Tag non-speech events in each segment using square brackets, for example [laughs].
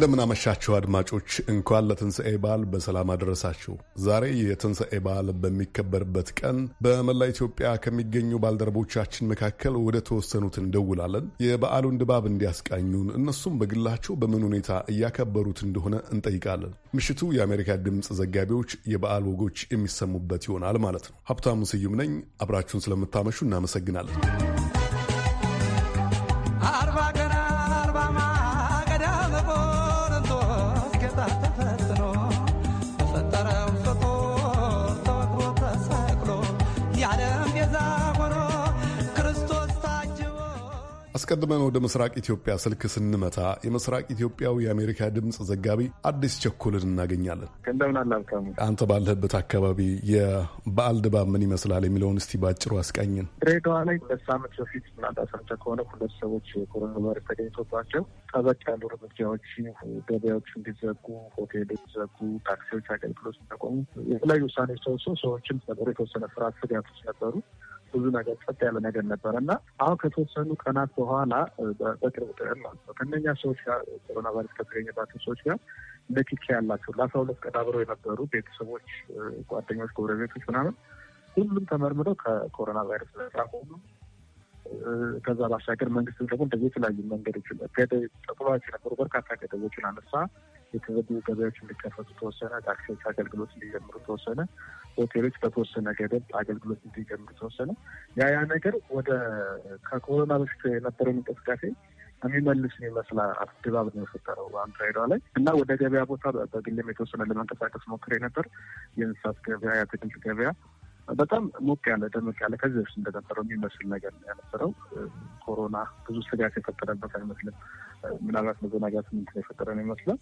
እንደምን አመሻችሁ አድማጮች፣ እንኳን ለትንሣኤ በዓል በሰላም አደረሳችሁ። ዛሬ የትንሣኤ በዓል በሚከበርበት ቀን በመላ ኢትዮጵያ ከሚገኙ ባልደረቦቻችን መካከል ወደ ተወሰኑት እንደውላለን። የበዓሉን ድባብ እንዲያስቃኙን፣ እነሱም በግላቸው በምን ሁኔታ እያከበሩት እንደሆነ እንጠይቃለን። ምሽቱ የአሜሪካ ድምፅ ዘጋቢዎች የበዓል ወጎች የሚሰሙበት ይሆናል ማለት ነው። ሀብታሙ ስዩም ነኝ። አብራችሁን ስለምታመሹ እናመሰግናለን። አስቀድመን ወደ ምስራቅ ኢትዮጵያ ስልክ ስንመታ የምስራቅ ኢትዮጵያው የአሜሪካ ድምፅ ዘጋቢ አዲስ ቸኮልን እናገኛለን። እንደምን አንተ ባለህበት አካባቢ የበዓል ድባብ ምን ይመስላል የሚለውን እስቲ በአጭሩ አስቃኝን። ድሬዳዋ ላይ ሁለት ዓመት በፊት ምናልባት ከሆነ ሁለት ሰዎች የኮሮና ቫይረስ ተገኝቶባቸው ጠበቅ ያሉ እርምጃዎች፣ ገበያዎች እንዲዘጉ፣ ሆቴል እንዲዘጉ፣ ታክሲዎች አገልግሎት ሲጠቆሙ የተለያዩ ውሳኔ ሰዎች ሰዎችም ነበሩ የተወሰነ ፍርሃት ስጋቶች ነበሩ። ብዙ ነገር ጸጥ ያለ ነገር ነበረ እና አሁን ከተወሰኑ ቀናት በኋላ በቅርብ ቀን ማለት ነው ከእነኛ ሰዎች ጋር ኮሮና ቫይረስ ከተገኘባቸው ሰዎች ጋር ንክኪ ያላቸው ለአስራ ሁለት ቀን አብረው የነበሩ ቤተሰቦች፣ ጓደኞች፣ ጎረቤቶች ምናምን ሁሉም ተመርምረው ከኮሮና ቫይረስ ነጻ ሆኑ። ከዛ ባሻገር መንግስትም ደግሞ እንደዚህ የተለያዩ መንገዶች ጥሏቸው ነበሩ በርካታ ገደቦችን አነሳ። የተዘጉ ገበያዎች እንዲከፈቱ ተወሰነ። ታክሲዎች አገልግሎት እንዲጀምሩ ተወሰነ። ሆቴሎች በተወሰነ ገደብ አገልግሎት እንዲጀምሩ ተወሰነ። ያ ያ ነገር ወደ ከኮሮና በፊት የነበረውን እንቅስቃሴ የሚመልስ ይመስላል ድባብ ነው የፈጠረው ድሬዳዋ ላይ እና ወደ ገበያ ቦታ በግሌም የተወሰነ ለመንቀሳቀስ ሞክሬ ነበር። የእንስሳት ገበያ፣ የአትክልት ገበያ በጣም ሞቅ ያለ ደመቅ ያለ ከዚህ በፊት እንደነበረው የሚመስል ነገር ያነበረው ኮሮና ብዙ ስጋት የፈጠረበት አይመስልም። ምናልባት መዘናጋት ምንድን የፈጠረ ነው ይመስላል።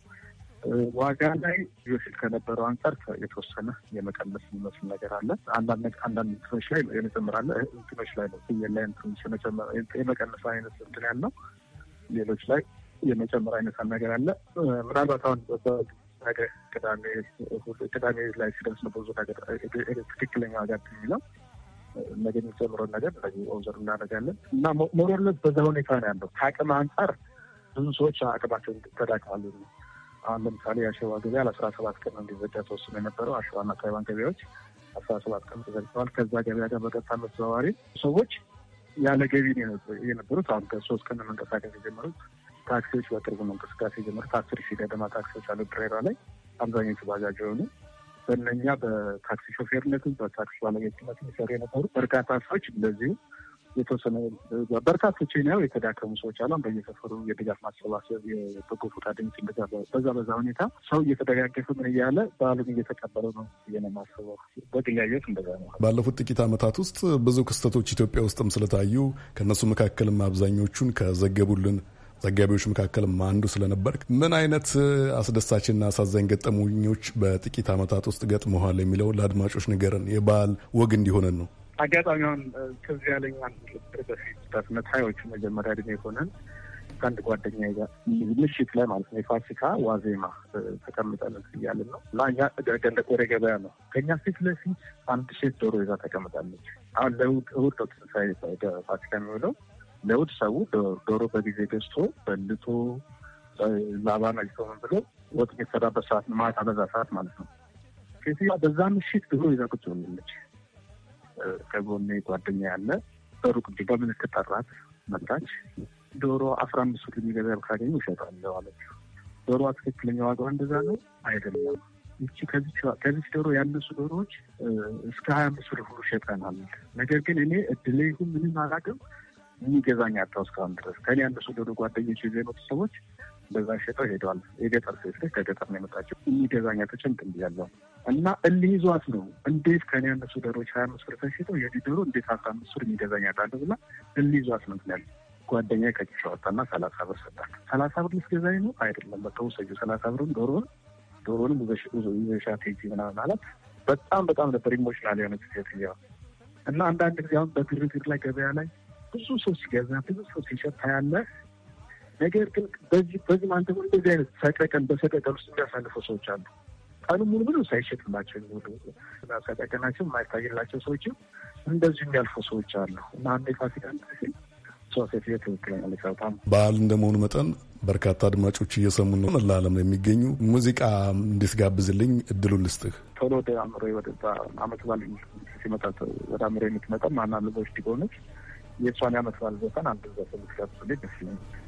ዋጋ ላይ በፊት ከነበረው አንጻር የተወሰነ የመቀነስ የሚመስል ነገር አለ። አንዳንድ እንትኖች ላይ የመጨመር አለ። እንትኖች ላይ ነው ፍየል ላይ እንትኖች የመቀነስ አይነት እንትን ያለው ሌሎች ላይ የመጨመር አይነት ነገር አለ። ምናልባት አሁን ቅዳሜ ቅዳሜ ላይ ሲደርስ ነው ብዙ ነገር ትክክለኛ ዋጋ የሚለው ነገር የሚጨምረውን ነገር ኦብዘር እናደርጋለን እና ሞሮለት በዛ ሁኔታ ነው ያለው። ከአቅም አንጻር ብዙ ሰዎች አቅማቸውን ተዳቅማሉ። አሁን ለምሳሌ የአሸዋ ገበያ ለአስራ ሰባት ቀን እንዲዘጋ ተወስኖ የነበረው አሸዋና ታይዋን ገበያዎች አስራ ሰባት ቀን ተዘግተዋል። ከዛ ገበያ ጋር በቀጥታ መዘዋዋሪ ሰዎች ያለ ገቢ የነበሩት አሁን ከሶስት ቀን መንቀሳቀስ የጀመሩት ታክሲዎች በቅርቡ ነው እንቅስቃሴ የጀመሩት። አስር ሺህ ገደማ ታክሲዎች አሉ ድሬራ ላይ አብዛኞቹ ባጃጅ የሆኑ በእነኛ በታክሲ ሾፌርነትም በታክሲ ባለቤትነት የሚሰሩ የነበሩ በርካታ ሰዎች እንደዚሁ የተወሰነ በርካቶች ነው የተዳከሙ ሰዎች አሉ። በየሰፈሩ የድጋፍ ማሰባሰብ የበጎ ፈቃደኞች በዛ በዛ ሁኔታ ሰው እየተደጋገፈ ምን እያለ በዓሉን እየተቀበለው ነው የማስበው። በግያየት እንደዛ ነው። ባለፉት ጥቂት ዓመታት ውስጥ ብዙ ክስተቶች ኢትዮጵያ ውስጥም ስለታዩ ከእነሱ መካከልም አብዛኞቹን ከዘገቡልን ዘጋቢዎች መካከል አንዱ ስለነበር ምን አይነት አስደሳችና አሳዛኝ ገጠመኞች በጥቂት ዓመታት ውስጥ ገጥመዋል የሚለው ለአድማጮች ንገረን። የበዓል ወግ እንዲሆነን ነው። አጋጣሚውን ከዚህ ያለኝ አንድ በፊት መታዮቹ መጀመሪያ እድሜ የሆነን ከአንድ ጓደኛ ጋር ምሽት ላይ ማለት ነው የፋሲካ ዋዜማ ተቀምጠን እያልን ነው እና እኛ ገንደ ቆሬ ገበያ ነው ከኛ ፊት ለፊት አንድ ሴት ዶሮ ይዛ ተቀምጣለች። አሁን ለእሑድ እሑድ ነው ትንሳኤ ፋሲካ የሚውለው ለእሑድ ሰው ዶሮ በጊዜ ገዝቶ በልቶ ላባ አጅቶ ምን ብሎ ወጥ የሚሰራበት ሰዓት ማታ በዛ ሰዓት ማለት ነው ሴትዮዋ በዛ ምሽት ዶሮ ይዛ ቁጭ ብላለች። ከጎኔ ጓደኛ ያለ በሩቅ ጅባ ምንትጠራት መጣች። ዶሮ አስራ አምስት ብር የሚገዛ ካገኙ እሸጣለሁ አለችው። ዶሮ ትክክለኛ ዋጋ እንደዛ ነው አይደለም። እቺ ከዚች ዶሮ ያነሱ ዶሮዎች እስከ ሀያ አምስት ብር ሁሉ ሸጠናል። ነገር ግን እኔ እድሌ ይሁን ምንም አላውቅም የሚገዛኝ አጣሁ እስካሁን ድረስ ከኔ ያነሱ ዶሮ ጓደኞች የዘመቱ ሰዎች በዛ ሸጠው ሄደዋል። የገጠር ሴት ልጅ ከገጠር ነው የመጣቸው። የሚገዛኛ ተጨንቅ እንዲያለው እና ይዟት ነው እንዴት ከኔ ያነሱ ደሮች ሀያ አምስት ብር ተሸጠው የዚህ ዶሮ እንዴት አስራ አምስት ብር የሚገዛኛ ጣለ ብላ ይዟት ነው ትላል። ጓደኛ ከኪሱ አወጣና ሰላሳ ብር ሰጣት። ሰላሳ ብር ልትገዛኝ ነው አይደለም በቃ ውሰጁ ሰላሳ ብሩን ዶሮን ዶሮንም ይዘሻ ቴጂ ምናምን ማለት በጣም በጣም ነበር ኢሞሽናል የሆነ የሆነች ሴትዮ እና አንዳንድ ጊዜ አሁን በግርግር ላይ ገበያ ላይ ብዙ ሰው ሲገዛ ብዙ ሰው ሲሸጥ ታያለህ ነገር ግን በዚህ በዚህ ማንተ እንደዚህ አይነት ሰቀቀን በሰቀቀን ውስጥ የሚያሳልፈው ሰዎች አሉ። ቀኑ ሙሉ ብሎ ሳይሸጥላቸው የሚውሉ ሰቀቀናቸው የማይታይላቸው ሰዎችም እንደዚሁ የሚያልፈው ሰዎች አሉ እና አንዴ ፋሲካ በዓል እንደመሆኑ መጠን በርካታ አድማጮች እየሰሙ ነው። መላ ዓለም የሚገኙ ሙዚቃ እንድትጋብዝልኝ እድሉን ልስጥህ። ቶሎ ወደ አእምሮ ወደዛ አመት ባል ሲመጣ ወደ አእምሮ የምትመጣ ማና ልቦች ዲጎነች የእሷን የአመት ባል ዘፈን አንድ ዘፈን ልትጋብዝልኝ ደስ ይለኛል።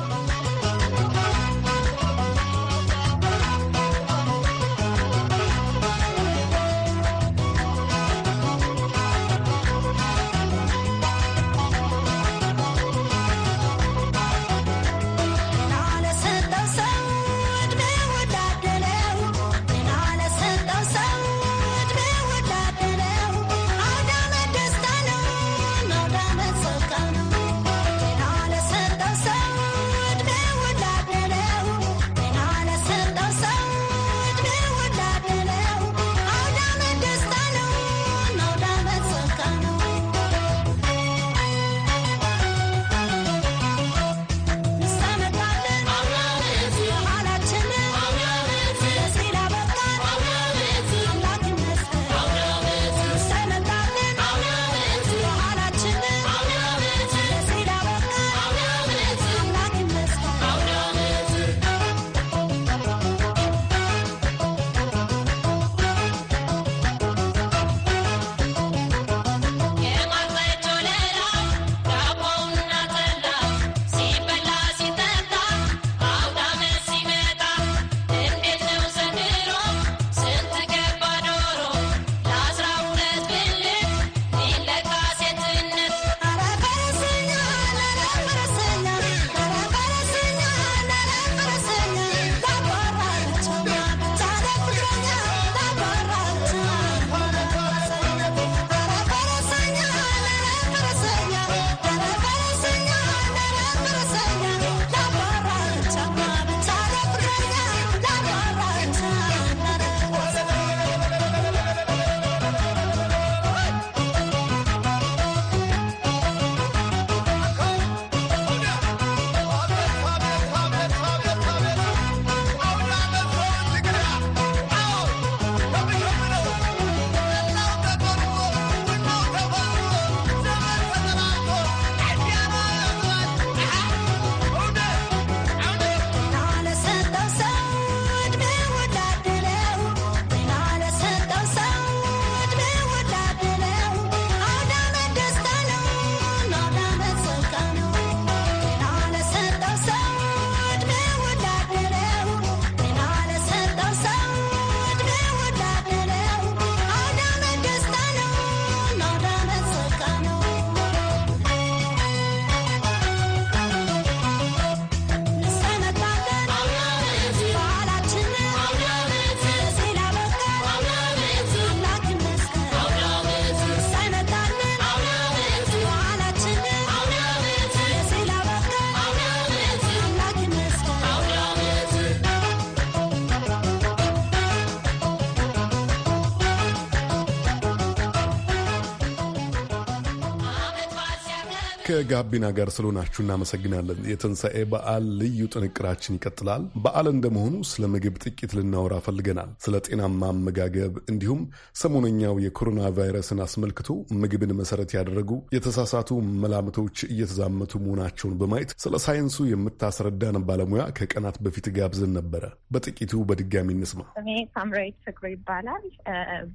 ከጋቢና ጋር ስለሆናችሁ እናመሰግናለን። የትንሣኤ በዓል ልዩ ጥንቅራችን ይቀጥላል። በዓል እንደመሆኑ ስለ ምግብ ጥቂት ልናወራ ፈልገናል። ስለ ጤናማ አመጋገብ፣ እንዲሁም ሰሞነኛው የኮሮና ቫይረስን አስመልክቶ ምግብን መሰረት ያደረጉ የተሳሳቱ መላምቶች እየተዛመቱ መሆናቸውን በማየት ስለ ሳይንሱ የምታስረዳን ባለሙያ ከቀናት በፊት ጋብዘን ነበረ። በጥቂቱ በድጋሚ እንስማ። እኔ ሳምራዊት ፍቅሩ ይባላል።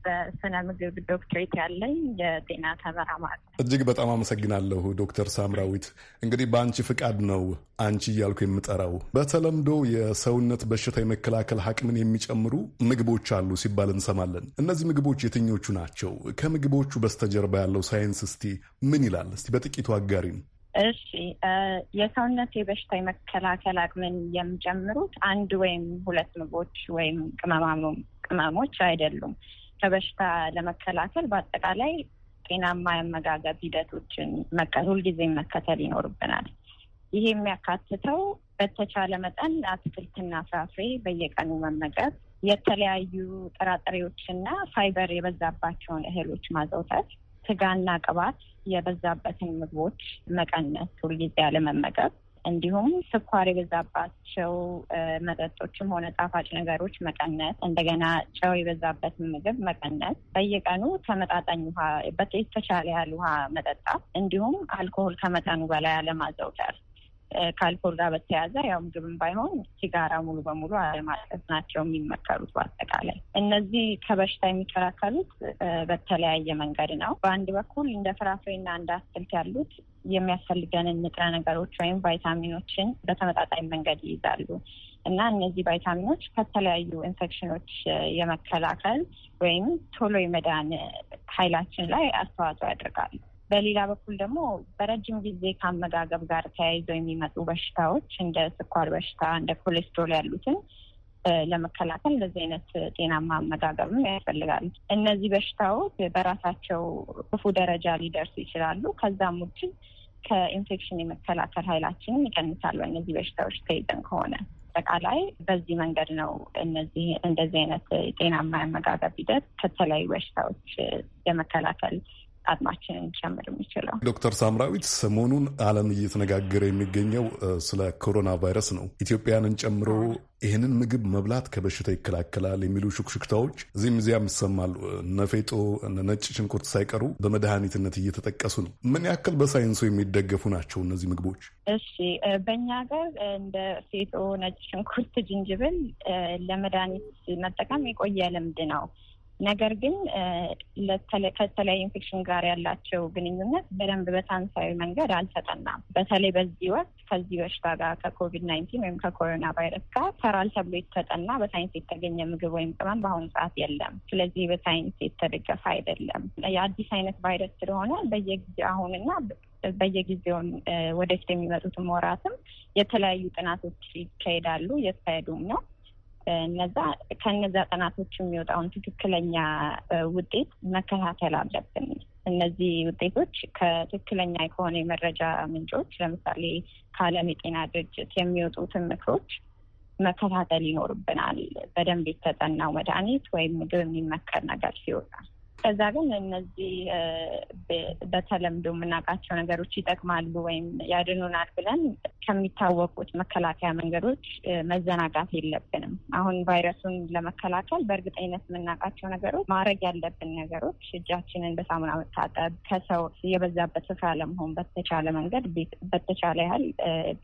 በስነ ምግብ ዶክትሬት ያለኝ የጤና ተመራማሪ። እጅግ በጣም አመሰግናለሁ ዶክተር ሳምራዊት፣ እንግዲህ በአንቺ ፍቃድ ነው አንቺ እያልኩ የምጠራው። በተለምዶ የሰውነት በሽታ የመከላከል አቅምን የሚጨምሩ ምግቦች አሉ ሲባል እንሰማለን። እነዚህ ምግቦች የትኞቹ ናቸው? ከምግቦቹ በስተጀርባ ያለው ሳይንስ እስቲ ምን ይላል? እስቲ በጥቂቱ አጋሪን። እሺ፣ የሰውነት የበሽታ የመከላከል አቅምን የሚጨምሩት አንድ ወይም ሁለት ምግቦች ወይም ቅመሞች አይደሉም። ከበሽታ ለመከላከል በአጠቃላይ ጤናማ የአመጋገብ ሂደቶችን ሁልጊዜ መከተል ይኖርብናል። ይሄ የሚያካትተው በተቻለ መጠን አትክልትና ፍራፍሬ በየቀኑ መመገብ፣ የተለያዩ ጥራጥሬዎችና ፋይበር የበዛባቸውን እህሎች ማዘውተት፣ ስጋና ቅባት የበዛበትን ምግቦች መቀነስ፣ ሁልጊዜ አለመመገብ እንዲሁም ስኳር የበዛባቸው መጠጦችም ሆነ ጣፋጭ ነገሮች መቀነስ፣ እንደገና ጨው የበዛበት ምግብ መቀነስ፣ በየቀኑ ተመጣጣኝ ውሃ በተቻለ ያህል ውሃ መጠጣት፣ እንዲሁም አልኮሆል ከመጠኑ በላይ አለማዘውተር ከአልኮል ጋር በተያያዘ ያው ምግብም ባይሆን ሲጋራ ሙሉ በሙሉ አለማለት ናቸው የሚመከሩት። በአጠቃላይ እነዚህ ከበሽታ የሚከላከሉት በተለያየ መንገድ ነው። በአንድ በኩል እንደ ፍራፍሬና እንደ አትክልት ያሉት የሚያስፈልገንን ንጥረ ነገሮች ወይም ቫይታሚኖችን በተመጣጣኝ መንገድ ይይዛሉ እና እነዚህ ቫይታሚኖች ከተለያዩ ኢንፌክሽኖች የመከላከል ወይም ቶሎ የመዳን ኃይላችን ላይ አስተዋጽኦ ያደርጋሉ። በሌላ በኩል ደግሞ በረጅም ጊዜ ከአመጋገብ ጋር ተያይዘው የሚመጡ በሽታዎች እንደ ስኳር በሽታ፣ እንደ ኮሌስትሮል ያሉትን ለመከላከል እንደዚህ አይነት ጤናማ አመጋገብም ያስፈልጋሉ። እነዚህ በሽታዎች በራሳቸው ክፉ ደረጃ ሊደርሱ ይችላሉ። ከዛም ውጭ ከኢንፌክሽን የመከላከል ኃይላችንን ይቀንሳሉ። እነዚህ በሽታዎች ተይዘን ከሆነ አጠቃላይ በዚህ መንገድ ነው እነዚህ እንደዚህ አይነት ጤናማ አመጋገብ ሂደት ከተለያዩ በሽታዎች የመከላከል አድማችንን ጨምር የሚችለው። ዶክተር ሳምራዊት ሰሞኑን ዓለም እየተነጋገረ የሚገኘው ስለ ኮሮና ቫይረስ ነው። ኢትዮጵያንን ጨምሮ ይህንን ምግብ መብላት ከበሽታ ይከላከላል የሚሉ ሹክሹክታዎች እዚህም እዚያም ይሰማሉ። ነፌጦ፣ ነጭ ሽንኩርት ሳይቀሩ በመድኃኒትነት እየተጠቀሱ ነው። ምን ያክል በሳይንሱ የሚደገፉ ናቸው እነዚህ ምግቦች? እሺ፣ በእኛ ሀገር እንደ ፌጦ፣ ነጭ ሽንኩርት፣ ዝንጅብል ለመድኃኒት መጠቀም የቆየ ልምድ ነው። ነገር ግን ከተለያዩ ኢንፌክሽን ጋር ያላቸው ግንኙነት በደንብ በሳይንሳዊ መንገድ አልተጠናም። በተለይ በዚህ ወቅት ከዚህ በሽታ ጋር ከኮቪድ ናይንቲን ወይም ከኮሮና ቫይረስ ጋር ተራል ተብሎ የተጠና በሳይንስ የተገኘ ምግብ ወይም ቅመም በአሁኑ ሰዓት የለም። ስለዚህ በሳይንስ የተደገፈ አይደለም። የአዲስ አይነት ቫይረስ ስለሆነ በየጊዜ አሁንና በየጊዜውን ወደፊት የሚመጡትም ወራትም የተለያዩ ጥናቶች ይካሄዳሉ፣ እየተካሄዱም ነው። እነዛ ከነዛ ጥናቶች የሚወጣውን ትክክለኛ ውጤት መከታተል አለብን። እነዚህ ውጤቶች ከትክክለኛ ከሆነ የመረጃ ምንጮች ለምሳሌ ከዓለም የጤና ድርጅት የሚወጡትን ምክሮች መከታተል ይኖርብናል። በደንብ የተጠናው መድኃኒት ወይም ምግብ የሚመከር ነገር ሲወጣ ከዛ ግን እነዚህ በተለምዶ የምናውቃቸው ነገሮች ይጠቅማሉ ወይም ያድኑናል ብለን ከሚታወቁት መከላከያ መንገዶች መዘናጋት የለብንም። አሁን ቫይረሱን ለመከላከል በእርግጠኝነት የምናውቃቸው ነገሮች ማድረግ ያለብን ነገሮች እጃችንን በሳሙና መታጠብ፣ ከሰው የበዛበት ስፍራ ለመሆን በተቻለ መንገድ በተቻለ ያህል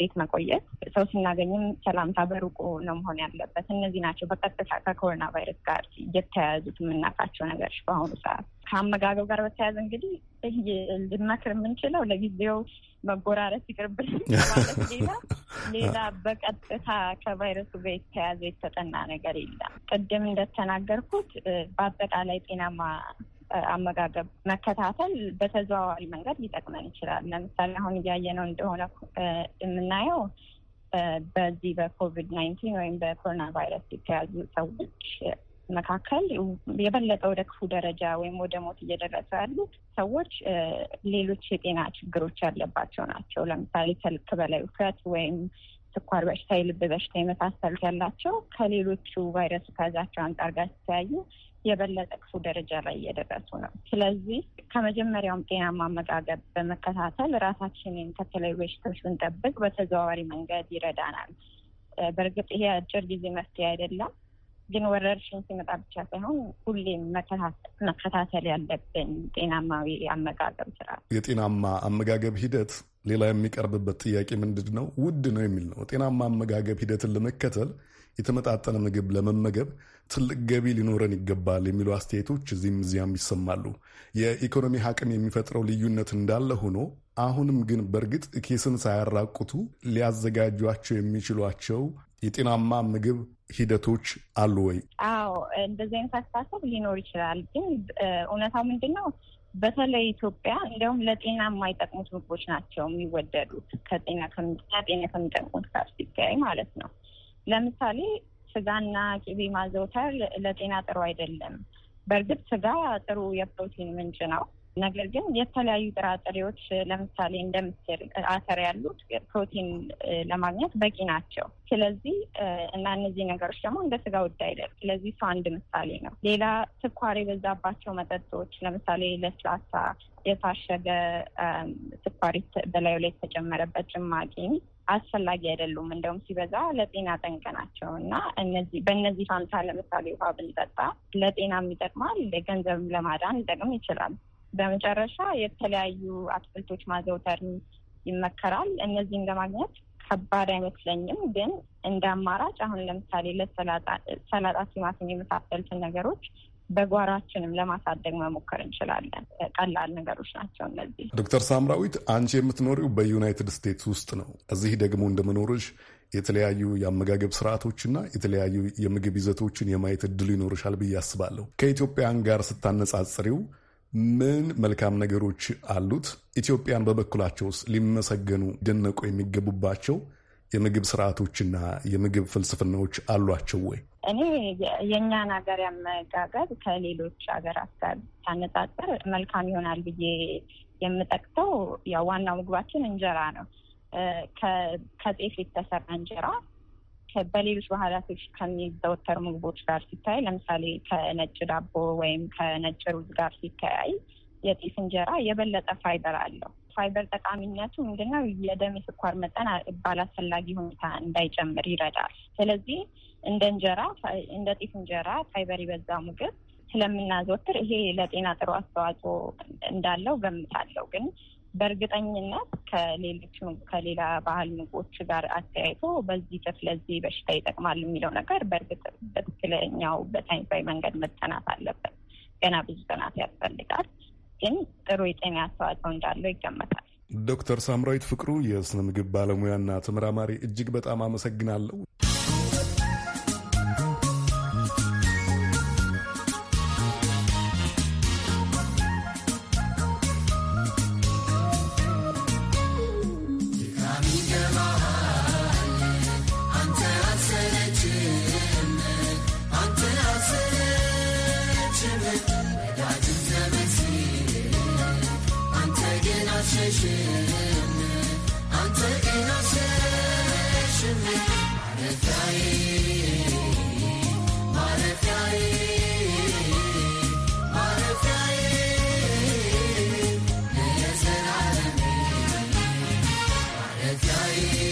ቤት መቆየት፣ ሰው ስናገኝም ሰላምታ በሩቁ ነው መሆን ያለበት። እነዚህ ናቸው በቀጥታ ከኮሮና ቫይረስ ጋር የተያያዙት የምናውቃቸው ነገሮች በአሁኑ አንጻር ከአመጋገብ ጋር በተያያዘ እንግዲህ ልመክር የምንችለው ለጊዜው መጎራረስ ይቅርብልን [laughs] ማለት ሌላ ሌላ በቀጥታ ከቫይረሱ ጋር የተያያዘ የተጠና ነገር የለም። ቅድም እንደተናገርኩት በአጠቃላይ ጤናማ አመጋገብ መከታተል በተዘዋዋሪ መንገድ ሊጠቅመን ይችላል። ለምሳሌ አሁን እያየነው እንደሆነ የምናየው በዚህ በኮቪድ ናይንቲን ወይም በኮሮና ቫይረስ የተያዙ ሰዎች መካከል የበለጠ ወደ ክፉ ደረጃ ወይም ወደ ሞት እየደረሱ ያሉት ሰዎች ሌሎች የጤና ችግሮች ያለባቸው ናቸው። ለምሳሌ ከልክ በላይ ውፍረት ወይም ስኳር በሽታ፣ የልብ በሽታ የመሳሰሉት ያላቸው ከሌሎቹ ቫይረሱ ከያዛቸው አንጻር ጋር ሲተያዩ የበለጠ ክፉ ደረጃ ላይ እየደረሱ ነው። ስለዚህ ከመጀመሪያውም ጤናማ አመጋገብ በመከታተል ራሳችንን ከተለያዩ በሽታዎች ብንጠብቅ በተዘዋዋሪ መንገድ ይረዳናል። በእርግጥ ይሄ አጭር ጊዜ መፍትሄ አይደለም። ግን ወረርሽኝ ሲመጣ ብቻ ሳይሆን ሁሌም መከታተል ያለብን ጤናማዊ አመጋገብ ስራ። የጤናማ አመጋገብ ሂደት ሌላ የሚቀርብበት ጥያቄ ምንድን ነው? ውድ ነው የሚል ነው። ጤናማ አመጋገብ ሂደትን ለመከተል የተመጣጠነ ምግብ ለመመገብ ትልቅ ገቢ ሊኖረን ይገባል የሚሉ አስተያየቶች እዚህም እዚያም ይሰማሉ። የኢኮኖሚ አቅም የሚፈጥረው ልዩነት እንዳለ ሆኖ አሁንም ግን በእርግጥ ኬስን ሳያራቁቱ ሊያዘጋጇቸው የሚችሏቸው የጤናማ ምግብ ሂደቶች አሉ ወይ? አዎ እንደዚህ አይነት አስተሳሰብ ሊኖር ይችላል። ግን እውነታው ምንድን ነው? በተለይ ኢትዮጵያ እንዲያውም ለጤና የማይጠቅሙት ምግቦች ናቸው የሚወደዱት ከጤና ከጤና ከሚጠቅሙት ጋር ሲገያይ ማለት ነው። ለምሳሌ ስጋና ቅቤ ማዘውተር ለጤና ጥሩ አይደለም። በእርግጥ ስጋ ጥሩ የፕሮቲን ምንጭ ነው ነገር ግን የተለያዩ ጥራጥሬዎች ለምሳሌ እንደ ምስር፣ አተር ያሉት ፕሮቲን ለማግኘት በቂ ናቸው። ስለዚህ እና እነዚህ ነገሮች ደግሞ እንደ ስጋ ውድ አይደል። ስለዚህ እሱ አንድ ምሳሌ ነው። ሌላ ስኳር የበዛባቸው መጠጦች ለምሳሌ ለስላሳ፣ የታሸገ ስኳር በላዩ ላይ የተጨመረበት ጭማቂ አስፈላጊ አይደሉም። እንደውም ሲበዛ ለጤና ጠንቅ ናቸው እና እነዚህ በእነዚህ ፋንታ ለምሳሌ ውሃ ብንጠጣ ለጤናም ይጠቅማል፣ ገንዘብም ለማዳን ሊጠቅም ይችላል። በመጨረሻ የተለያዩ አትክልቶች ማዘውተር ይመከራል። እነዚህን ለማግኘት ከባድ አይመስለኝም፣ ግን እንደ አማራጭ አሁን ለምሳሌ ለሰላጣ፣ ቲማቲም የመሳሰሉትን ነገሮች በጓሯችንም ለማሳደግ መሞከር እንችላለን። ቀላል ነገሮች ናቸው እነዚህ። ዶክተር ሳምራዊት አንቺ የምትኖሪው በዩናይትድ ስቴትስ ውስጥ ነው። እዚህ ደግሞ እንደመኖርሽ የተለያዩ የአመጋገብ ስርዓቶችና የተለያዩ የምግብ ይዘቶችን የማየት እድሉ ይኖርሻል ብዬ አስባለሁ። ከኢትዮጵያን ጋር ስታነጻጽሪው ምን መልካም ነገሮች አሉት? ኢትዮጵያን በበኩላቸው ውስጥ ሊመሰገኑ ደነቁ የሚገቡባቸው የምግብ ስርዓቶችና የምግብ ፍልስፍናዎች አሏቸው ወይ? እኔ የእኛን ሀገር ያመጋገብ ከሌሎች ሀገራት ጋር ሳነጻጽር መልካም ይሆናል ብዬ የምጠቅተው ያው ዋናው ምግባችን እንጀራ ነው። ከጤፍ የተሰራ እንጀራ በሌሎች ባህላቶች ከሚዘወተሩ ምግቦች ጋር ሲታይ ለምሳሌ ከነጭ ዳቦ ወይም ከነጭ ሩዝ ጋር ሲተያይ የጤፍ እንጀራ የበለጠ ፋይበር አለው። ፋይበር ጠቃሚነቱ ምንድነው? የደም የስኳር መጠን ባላስፈላጊ ሁኔታ እንዳይጨምር ይረዳል። ስለዚህ እንደ እንጀራ እንደ ጤፍ እንጀራ ፋይበር የበዛ ምግብ ስለምናዘወትር ይሄ ለጤና ጥሩ አስተዋጽኦ እንዳለው ገምታለሁ ግን በእርግጠኝነት ከሌሎች ከሌላ ባህል ምግቦች ጋር አተያይቶ በዚህ ጥፍ ለዚህ በሽታ ይጠቅማል የሚለው ነገር በእርግጥ በትክክለኛው በሳይንሳዊ መንገድ መጠናት አለበት። ገና ብዙ ጥናት ያስፈልጋል፣ ግን ጥሩ የጤና አስተዋጽኦ እንዳለው ይገመታል። ዶክተር ሳምራዊት ፍቅሩ የስነ ምግብ ባለሙያና ተመራማሪ፣ እጅግ በጣም አመሰግናለሁ። Bye.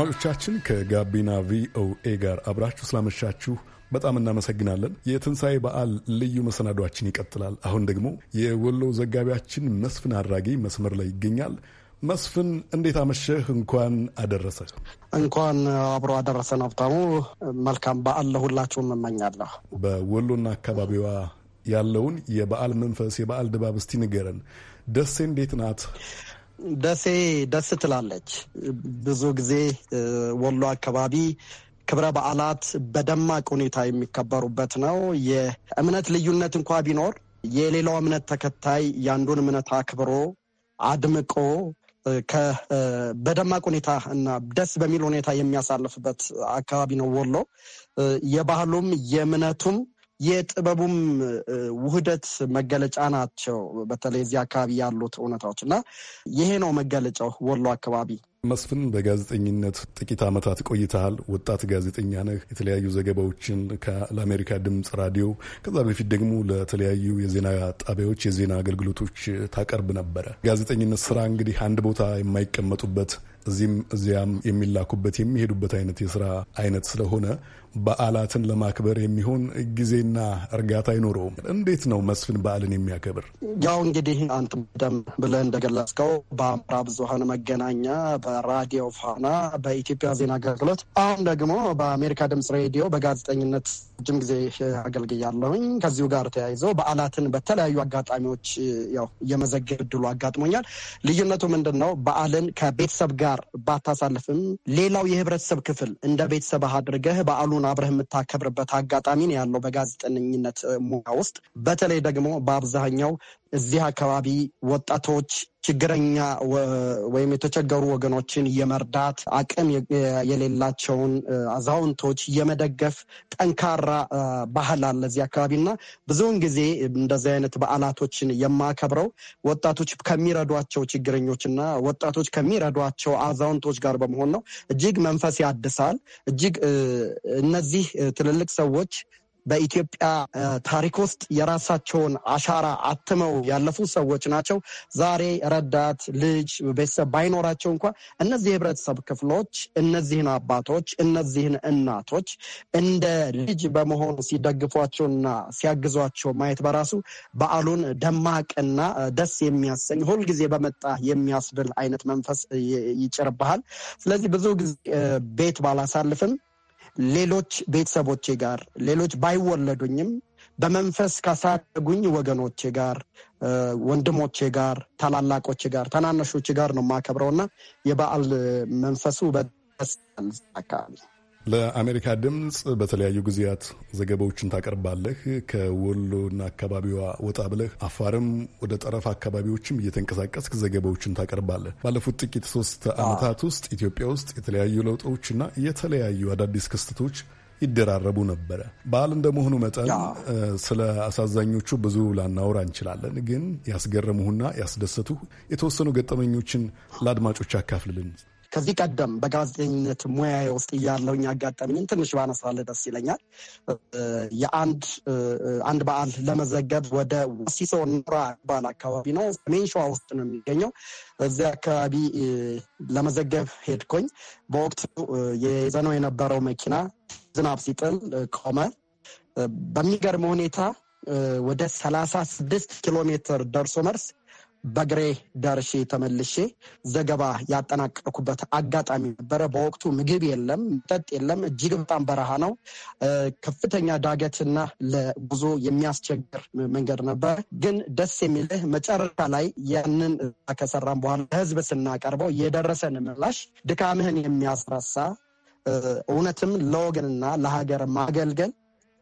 አድማጮቻችን ከጋቢና ቪኦኤ ጋር አብራችሁ ስላመሻችሁ በጣም እናመሰግናለን። የትንሣኤ በዓል ልዩ መሰናዷችን ይቀጥላል። አሁን ደግሞ የወሎ ዘጋቢያችን መስፍን አድራጊ መስመር ላይ ይገኛል። መስፍን እንዴት አመሸህ? እንኳን አደረሰ። እንኳን አብሮ አደረሰን ሀብታሙ። መልካም በዓል ለሁላችሁም እመኛለሁ። በወሎና አካባቢዋ ያለውን የበዓል መንፈስ የበዓል ድባብ እስቲ ንገረን። ደሴ እንዴት ናት? ደሴ ደስ ትላለች። ብዙ ጊዜ ወሎ አካባቢ ክብረ በዓላት በደማቅ ሁኔታ የሚከበሩበት ነው። የእምነት ልዩነት እንኳ ቢኖር የሌላው እምነት ተከታይ የአንዱን እምነት አክብሮ አድምቆ በደማቅ ሁኔታ እና ደስ በሚል ሁኔታ የሚያሳልፍበት አካባቢ ነው ወሎ። የባህሉም የእምነቱም የጥበቡም ውህደት መገለጫ ናቸው። በተለይ እዚህ አካባቢ ያሉት እውነታዎች እና ይሄ ነው መገለጫው ወሎ አካባቢ። መስፍን በጋዜጠኝነት ጥቂት ዓመታት ቆይተሃል። ወጣት ጋዜጠኛ ነህ። የተለያዩ ዘገባዎችን ለአሜሪካ ድምፅ ራዲዮ፣ ከዛ በፊት ደግሞ ለተለያዩ የዜና ጣቢያዎች የዜና አገልግሎቶች ታቀርብ ነበረ። ጋዜጠኝነት ስራ እንግዲህ አንድ ቦታ የማይቀመጡበት እዚህም እዚያም የሚላኩበት የሚሄዱበት አይነት የስራ አይነት ስለሆነ በዓላትን ለማክበር የሚሆን ጊዜና እርጋታ አይኖረውም። እንዴት ነው መስፍን በዓልን የሚያከብር? ያው እንግዲህ አንተ ደም ብለህ እንደገለጽከው በአማራ ብዙሀን መገናኛ፣ በራዲዮ ፋና፣ በኢትዮጵያ ዜና አገልግሎት አሁን ደግሞ በአሜሪካ ድምጽ ሬዲዮ በጋዜጠኝነት ረጅም ጊዜ አገልግያለሁኝ። ከዚሁ ጋር ተያይዘው በዓላትን በተለያዩ አጋጣሚዎች ያው የመዘገብ እድሉ አጋጥሞኛል። ልዩነቱ ምንድን ነው? በዓልን ከቤተሰብ ጋር ባታሳልፍም ሌላው የህብረተሰብ ክፍል እንደ ቤተሰብ አድርገህ በዓሉን አብረህ የምታከብርበት አጋጣሚ ነው ያለው በጋዜጠኝነት ሙያ ውስጥ። በተለይ ደግሞ በአብዛኛው እዚህ አካባቢ ወጣቶች ችግረኛ ወይም የተቸገሩ ወገኖችን የመርዳት አቅም የሌላቸውን አዛውንቶች የመደገፍ ጠንካራ ባህል አለ እዚህ አካባቢ እና ብዙውን ጊዜ እንደዚህ አይነት በዓላቶችን የማከብረው ወጣቶች ከሚረዷቸው ችግረኞች እና ወጣቶች ከሚረዷቸው አዛውንቶች ጋር በመሆን ነው። እጅግ መንፈስ ያድሳል። እጅግ እነዚህ ትልልቅ ሰዎች በኢትዮጵያ ታሪክ ውስጥ የራሳቸውን አሻራ አትመው ያለፉ ሰዎች ናቸው። ዛሬ ረዳት ልጅ፣ ቤተሰብ ባይኖራቸው እንኳ እነዚህ የህብረተሰብ ክፍሎች እነዚህን አባቶች፣ እነዚህን እናቶች እንደ ልጅ በመሆኑ ሲደግፏቸውና ሲያግዟቸው ማየት በራሱ በዓሉን ደማቅና ደስ የሚያሰኝ ሁልጊዜ በመጣ የሚያስብል አይነት መንፈስ ይጭርብሃል። ስለዚህ ብዙ ጊዜ ቤት ባላሳልፍም ሌሎች ቤተሰቦቼ ጋር ሌሎች ባይወለዱኝም በመንፈስ ካሳደጉኝ ወገኖቼ ጋር፣ ወንድሞቼ ጋር፣ ታላላቆቼ ጋር፣ ተናነሾቼ ጋር ነው የማከብረውና የበዓል መንፈሱ በደስ አካባቢ ለአሜሪካ ድምፅ በተለያዩ ጊዜያት ዘገባዎችን ታቀርባለህ። ከወሎና አካባቢዋ ወጣ ብለህ አፋርም ወደ ጠረፍ አካባቢዎችም እየተንቀሳቀስክ ዘገባዎችን ታቀርባለህ። ባለፉት ጥቂት ሶስት ዓመታት ውስጥ ኢትዮጵያ ውስጥ የተለያዩ ለውጦችና የተለያዩ አዳዲስ ክስተቶች ይደራረቡ ነበረ። በዓል እንደመሆኑ መጠን ስለ አሳዛኞቹ ብዙ ላናወራ እንችላለን፣ ግን ያስገረሙህና ያስደሰቱ የተወሰኑ ገጠመኞችን ለአድማጮች አካፍልልን። ከዚህ ቀደም በጋዜጠኝነት ሙያ ውስጥ እያለሁኝ ያጋጠመኝን ትንሽ ባነሳለ ደስ ይለኛል። የአንድ አንድ በዓል ለመዘገብ ወደ ወሲሶ ኑራ ባል አካባቢ ነው፣ ሰሜን ሸዋ ውስጥ ነው የሚገኘው። እዚያ አካባቢ ለመዘገብ ሄድኩኝ። በወቅቱ የዘነው የነበረው መኪና ዝናብ ሲጥል ቆመ። በሚገርም ሁኔታ ወደ ሰላሳ ስድስት ኪሎ ሜትር ደርሶ መርስ በግሬ ደርሼ ተመልሼ ዘገባ ያጠናቀቅኩበት አጋጣሚ ነበረ። በወቅቱ ምግብ የለም፣ መጠጥ የለም። እጅግ በጣም በረሃ ነው። ከፍተኛ ዳገትና ለጉዞ የሚያስቸግር መንገድ ነበር። ግን ደስ የሚልህ መጨረሻ ላይ ያንን ከሰራን በኋላ ለህዝብ ስናቀርበው የደረሰን ምላሽ ድካምህን የሚያስረሳ እውነትም ለወገንና ለሀገር ማገልገል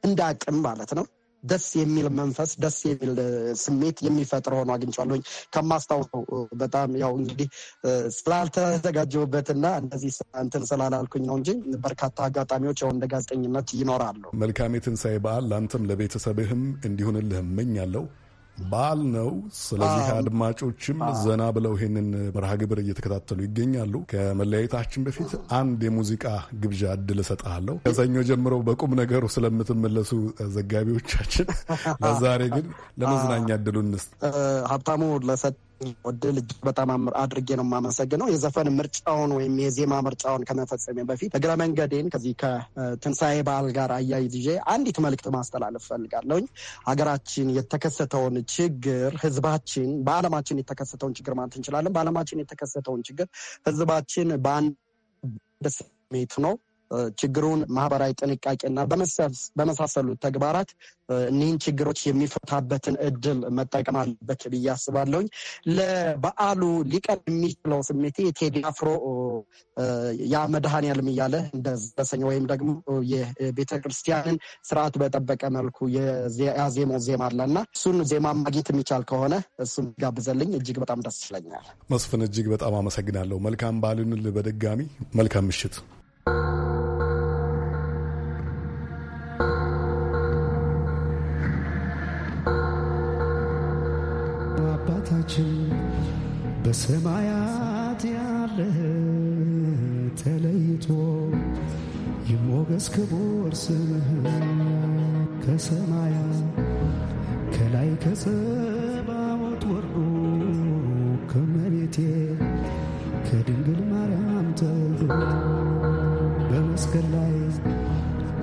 እንደ አቅም ማለት ነው ደስ የሚል መንፈስ ደስ የሚል ስሜት የሚፈጥር ሆኖ አግኝቻለሁኝ። ከማስታውሰው በጣም ያው እንግዲህ ስላልተዘጋጀሁበትና እንደዚህ እንትን ስላላልኩኝ ነው እንጂ በርካታ አጋጣሚዎች ያው እንደ ጋዜጠኝነት ይኖራሉ። መልካም የትንሣኤ በዓል ለአንተም ለቤተሰብህም እንዲሆንልህ እመኛለሁ። በዓል ነው። ስለዚህ አድማጮችም ዘና ብለው ይሄንን መርሃ ግብር እየተከታተሉ ይገኛሉ። ከመለያየታችን በፊት አንድ የሙዚቃ ግብዣ እድል እሰጥሃለሁ። ከሰኞ ጀምረው በቁም ነገሩ ስለምትመለሱ ዘጋቢዎቻችን፣ [laughs] ለዛሬ ግን ለመዝናኛ እድሉ እንስጥ። ሀብታሙ ለሰጥ ወድል እጅግ በጣም አድርጌ ነው የማመሰግነው። የዘፈን ምርጫውን ወይም የዜማ ምርጫውን ከመፈጸሜ በፊት እግረ መንገዴን ከዚህ ከትንሣኤ በዓል ጋር አያይዤ አንዲት መልእክት ማስተላለፍ ፈልጋለሁኝ። ሀገራችን የተከሰተውን ችግር ህዝባችን፣ በዓለማችን የተከሰተውን ችግር ማለት እንችላለን፣ በዓለማችን የተከሰተውን ችግር ህዝባችን በአንድ ስሜት ነው ችግሩን ማህበራዊ ጥንቃቄና በመሳሰሉት ተግባራት እኒህን ችግሮች የሚፈታበትን እድል መጠቀም አለበት ብዬ አስባለሁኝ። ለበዓሉ ሊቀር የሚችለው ስሜቴ የቴዲ አፍሮ ያ መድኃኔዓለም እያለ እንደ ዘሰኝ ወይም ደግሞ የቤተክርስቲያንን ስርዓት በጠበቀ መልኩ ያዜመው ዜማ አለና እሱን ዜማ ማግኘት የሚቻል ከሆነ እሱን ጋብዘልኝ እጅግ በጣም ደስ ይለኛል። መስፍን፣ እጅግ በጣም አመሰግናለሁ። መልካም በዓልን በድጋሚ መልካም ምሽት። በሰማያት ያለ ተለይቶ ይሞገስ ክቡር ስምህ ከሰማያት ከላይ ከጸባዖት ወርዶ ከመሬቴ ከድንግል ማርያም ተወልዶ በመስቀል ላይ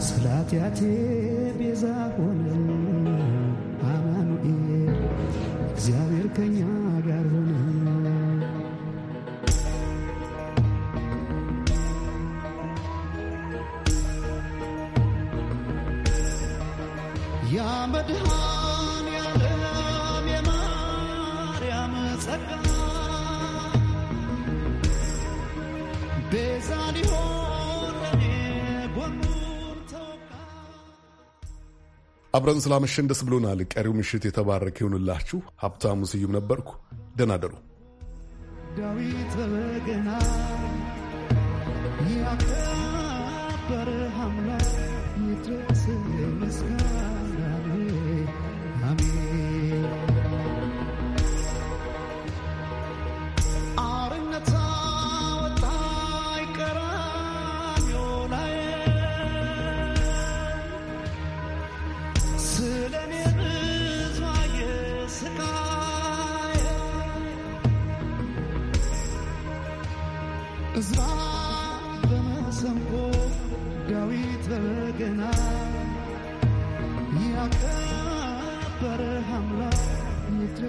ስላትያቴ ቤዛ ሆነ አማኑኤል እግዚአብሔር ከኛ ጋር አብረን ስላመሸን ደስ ብሎናል። ቀሪው ምሽት የተባረከ ይሁንላችሁ። ሀብታሙ ስዩም ነበርኩ። ደህና ደሩ። ዳዊት በገና ያከበረ አምላክ ይድረስ ምስጋና አሜን። እዝራ በመሰንቆ ዳዊት በገና ያከበረ አምላክ